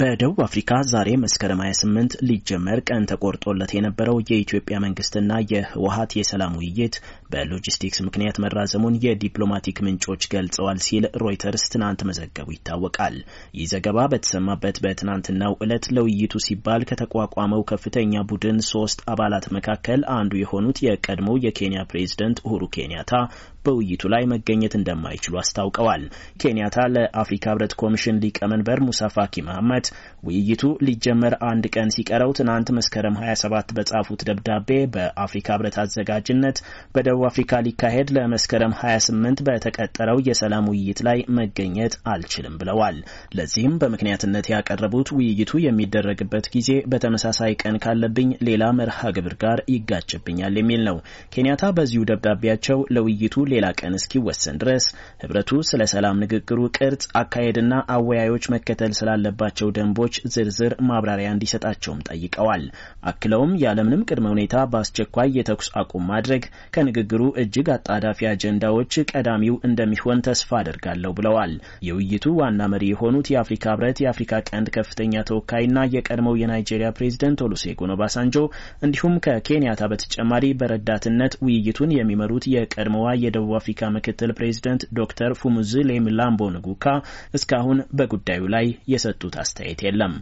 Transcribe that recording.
በደቡብ አፍሪካ ዛሬ መስከረም 28 ሊጀመር ቀን ተቆርጦለት የነበረው የኢትዮጵያ መንግስትና የህወሀት የሰላም ውይይት በሎጂስቲክስ ምክንያት መራዘሙን የዲፕሎማቲክ ምንጮች ገልጸዋል ሲል ሮይተርስ ትናንት መዘገቡ ይታወቃል። ይህ ዘገባ በተሰማበት በትናንትናው ዕለት ለውይይቱ ሲባል ከተቋቋመው ከፍተኛ ቡድን ሶስት አባላት መካከል አንዱ የሆኑት የቀድሞው የኬንያ ፕሬዝደንት ኡሁሩ ኬንያታ በውይይቱ ላይ መገኘት እንደማይችሉ አስታውቀዋል። ኬንያታ ለአፍሪካ ህብረት ኮሚሽን ሊቀመንበር ሙሳ ፋኪ መሐመድ ውይይቱ ሊጀመር አንድ ቀን ሲቀረው ትናንት መስከረም 27 በጻፉት ደብዳቤ በአፍሪካ ህብረት አዘጋጅነት በደቡብ በደቡብ አፍሪካ ሊካሄድ ለመስከረም 28 በተቀጠረው የሰላም ውይይት ላይ መገኘት አልችልም ብለዋል። ለዚህም በምክንያትነት ያቀረቡት ውይይቱ የሚደረግበት ጊዜ በተመሳሳይ ቀን ካለብኝ ሌላ መርሃ ግብር ጋር ይጋጭብኛል የሚል ነው። ኬንያታ በዚሁ ደብዳቤያቸው ለውይይቱ ሌላ ቀን እስኪወሰን ድረስ ህብረቱ ስለ ሰላም ንግግሩ ቅርጽ፣ አካሄድና አወያዮች መከተል ስላለባቸው ደንቦች ዝርዝር ማብራሪያ እንዲሰጣቸውም ጠይቀዋል። አክለውም ያለምንም ቅድመ ሁኔታ በአስቸኳይ የተኩስ አቁም ማድረግ ከንግግ የሚያስቸግሩ እጅግ አጣዳፊ አጀንዳዎች ቀዳሚው እንደሚሆን ተስፋ አደርጋለሁ ብለዋል። የውይይቱ ዋና መሪ የሆኑት የአፍሪካ ህብረት የአፍሪካ ቀንድ ከፍተኛ ተወካይና የቀድሞው የናይጄሪያ ፕሬዚደንት ኦሉሴጉን ኦባሳንጆ እንዲሁም ከኬንያታ በተጨማሪ በረዳትነት ውይይቱን የሚመሩት የቀድሞዋ የደቡብ አፍሪካ ምክትል ፕሬዚደንት ዶክተር ፉሙዝሌ ሚላምቦ ንጉካ እስካሁን በጉዳዩ ላይ የሰጡት አስተያየት የለም።